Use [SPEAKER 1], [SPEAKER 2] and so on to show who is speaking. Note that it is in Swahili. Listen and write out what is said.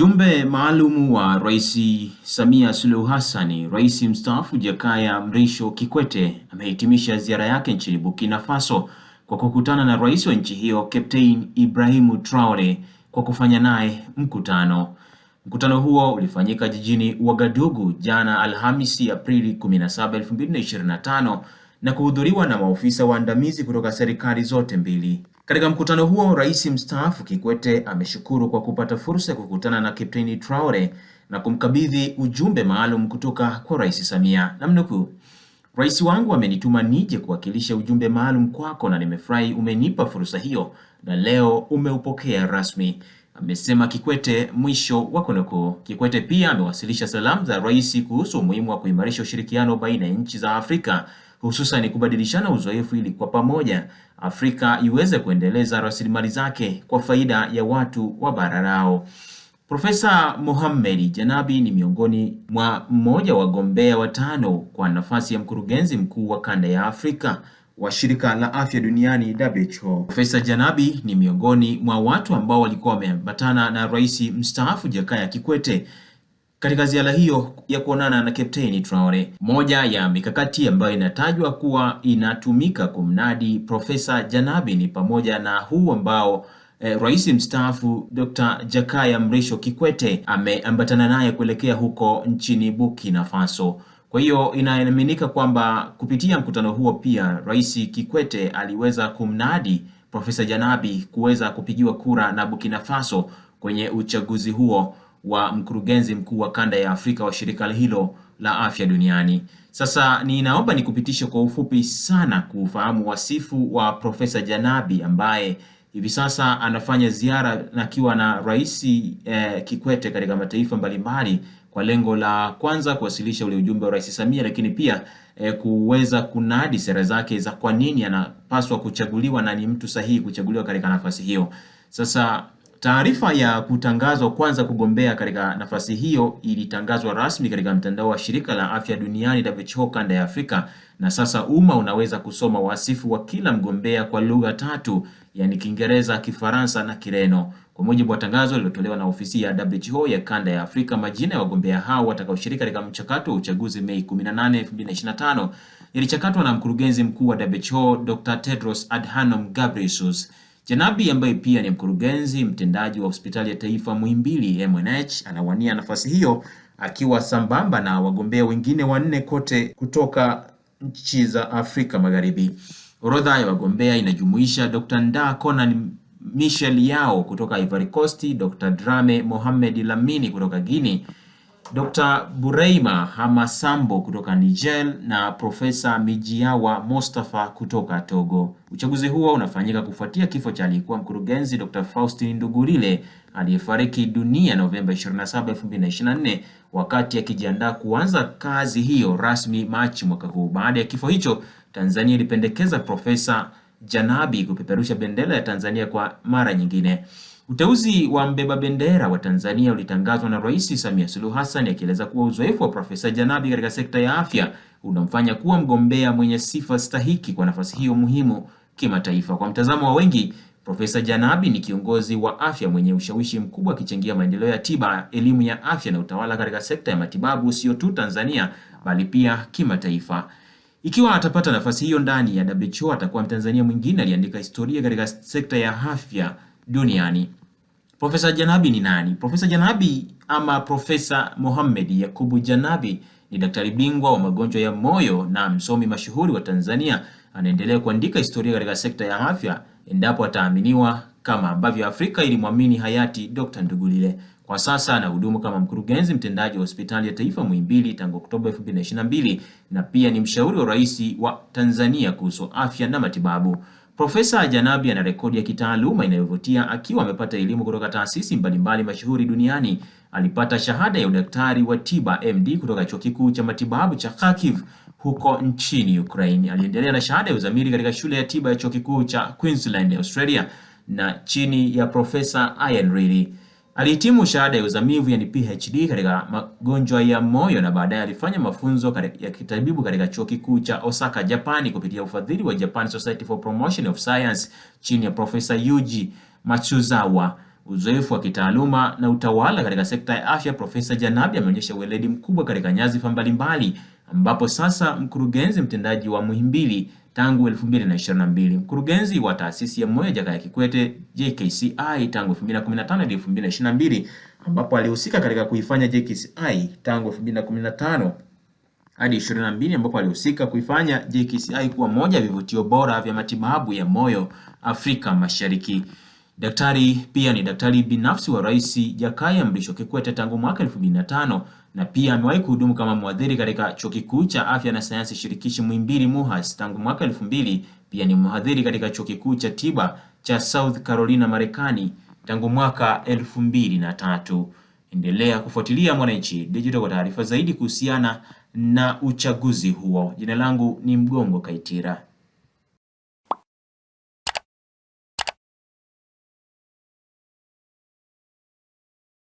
[SPEAKER 1] Mjumbe maalumu wa Rais Samia Suluhu Hassan, Rais mstaafu Jakaya Mrisho Kikwete amehitimisha ziara yake nchini Burkina Faso kwa kukutana na Rais wa nchi hiyo, Captain Ibrahim Traore kwa kufanya naye mkutano. Mkutano huo ulifanyika jijini Ouagadougou jana Alhamisi, Aprili 17, 2025 na kuhudhuriwa na maofisa waandamizi kutoka serikali zote mbili. Katika mkutano huo, Rais mstaafu Kikwete ameshukuru kwa kupata fursa ya kukutana na Kipteni Traore na kumkabidhi ujumbe maalum kutoka kwa Rais Samia, namnukuu: Rais wangu amenituma nije kuwakilisha ujumbe maalum kwako na nimefurahi umenipa fursa hiyo na leo umeupokea rasmi, amesema Kikwete, mwisho wa kunukuu. Kikwete pia amewasilisha salamu za rais kuhusu umuhimu wa kuimarisha ushirikiano baina ya nchi za Afrika hususan kubadilishana uzoefu ili kwa pamoja Afrika iweze kuendeleza rasilimali zake kwa faida ya watu wa bara lao. Profesa Mohamed Janabi ni miongoni mwa mmoja wagombea watano kwa nafasi ya mkurugenzi mkuu wa kanda ya Afrika wa shirika la afya duniani WHO. Profesa Janabi ni miongoni mwa watu ambao walikuwa wameambatana na Rais mstaafu Jakaya Kikwete katika ziara hiyo ya kuonana na Kapteni Traore. Moja ya mikakati ambayo inatajwa kuwa inatumika kumnadi Profesa Janabi ni pamoja na huu ambao eh, rais mstaafu Dr. Jakaya Mrisho Kikwete ameambatana naye kuelekea huko nchini Burkina Faso. Kwa hiyo inaaminika kwamba kupitia mkutano huo pia Rais Kikwete aliweza kumnadi Profesa Janabi kuweza kupigiwa kura na Burkina Faso kwenye uchaguzi huo wa mkurugenzi mkuu wa kanda ya Afrika wa shirika hilo la afya duniani. Sasa ninaomba nikupitishe kwa ufupi sana kufahamu wasifu wa Profesa Janabi ambaye hivi sasa anafanya ziara akiwa na Rais eh, Kikwete katika mataifa mbalimbali kwa lengo la kwanza kuwasilisha ule ujumbe wa Rais Samia, lakini pia eh, kuweza kunadi sera zake za kwa nini anapaswa kuchaguliwa na ni mtu sahihi kuchaguliwa katika nafasi hiyo. Sasa Taarifa ya kutangazwa kwanza kugombea katika nafasi hiyo ilitangazwa rasmi katika mtandao wa Shirika la Afya Duniani WHO Kanda ya Afrika na sasa umma unaweza kusoma wasifu wa kila mgombea kwa lugha tatu, yani Kiingereza, Kifaransa na Kireno. Kwa mujibu wa tangazo lililotolewa na ofisi ya WHO ya Kanda ya Afrika, majina ya wagombea hao watakaoshiriki katika mchakato wa uchaguzi Mei 18, 2025 yalichakatwa na mkurugenzi mkuu wa WHO Dr. Tedros Adhanom Ghebreyesus. Janabi ambaye pia ni mkurugenzi mtendaji wa hospitali ya taifa Muhimbili MNH anawania nafasi hiyo akiwa sambamba na wagombea wengine wanne kote kutoka nchi za Afrika Magharibi. Orodha ya wagombea inajumuisha Dr. Nda conan Michel Yao kutoka Ivory Coast, Dr. Drame Mohamed Lamini kutoka Guinea, Dr. Bureima Hamasambo kutoka Niger na Profesa Mijiawa Mostafa kutoka Togo. Uchaguzi huo unafanyika kufuatia kifo cha aliyekuwa mkurugenzi Dr. Faustin Ndugurile aliyefariki dunia Novemba 27, 2024 wakati akijiandaa kuanza kazi hiyo rasmi Machi mwaka huu. Baada ya kifo hicho, Tanzania ilipendekeza Profesa Janabi kupeperusha bendera ya Tanzania kwa mara nyingine. Uteuzi wa mbeba bendera wa Tanzania ulitangazwa na Rais Samia Suluhu Hassan akieleza kuwa uzoefu wa Profesa Janabi katika sekta ya afya unamfanya kuwa mgombea mwenye sifa stahiki kwa nafasi hiyo muhimu kimataifa. Kwa mtazamo wa wengi, Profesa Janabi ni kiongozi wa afya mwenye ushawishi mkubwa akichangia maendeleo ya tiba, elimu ya afya na utawala katika sekta ya matibabu sio tu Tanzania bali pia kimataifa. Ikiwa atapata nafasi hiyo ndani ya WHO, atakuwa Mtanzania mwingine aliandika historia katika sekta ya afya duniani. Profesa Janabi ni nani? Profesa Janabi ama Profesa Mohamed Yakubu Janabi ni daktari bingwa wa magonjwa ya moyo na msomi mashuhuri wa Tanzania. Anaendelea kuandika historia katika sekta ya afya, endapo ataaminiwa kama ambavyo Afrika ilimwamini hayati Dr. Ndugulile. Kwa sasa anahudumu kama mkurugenzi mtendaji wa hospitali ya taifa Muhimbili tangu Oktoba 2022 na pia ni mshauri wa rais wa Tanzania kuhusu afya na matibabu. Profesa Janabi ana rekodi ya kitaaluma inayovutia akiwa amepata elimu kutoka taasisi mbalimbali mashuhuri duniani. Alipata shahada ya udaktari wa tiba MD kutoka Chuo Kikuu cha Matibabu cha Kharkiv huko nchini Ukraine. Aliendelea na shahada ya uzamili katika shule ya tiba ya Chuo Kikuu cha Queensland, Australia na chini ya Profesa Ian Reilly. Alihitimu shahada ya uzamivu yani PhD katika magonjwa ya moyo na baadaye alifanya mafunzo ya kitabibu katika Chuo Kikuu cha Osaka, Japani kupitia ufadhili wa Japan Society for Promotion of Science chini ya Profesa Yuji Matsuzawa. Uzoefu wa kitaaluma na utawala katika sekta ya afya, Profesa Janabi ameonyesha ueledi mkubwa katika nyadhifa mbalimbali ambapo sasa mkurugenzi mtendaji wa Muhimbili tangu 2022, mkurugenzi wa taasisi ya Moyo Jakaya Kikwete JKCI tangu 2015 hadi 2022, ambapo alihusika katika kuifanya JKCI tangu 2015 hadi 22 ambapo alihusika kuifanya JKCI kuwa moja ya vivutio bora vya matibabu ya moyo Afrika Mashariki. Daktari pia ni daktari binafsi wa Rais Jakaya Mrisho Kikwete tangu mwaka 2005 na pia amewahi kuhudumu kama mwadhiri katika Chuo Kikuu cha Afya na Sayansi Shirikishi Muhimbili MUHAS tangu mwaka 2000. Pia ni mhadhiri katika Chuo Kikuu cha Tiba cha South Carolina Marekani tangu mwaka 2003. Endelea kufuatilia Mwananchi Digital kwa taarifa zaidi kuhusiana na uchaguzi huo. Jina langu ni Mgongo Kaitira.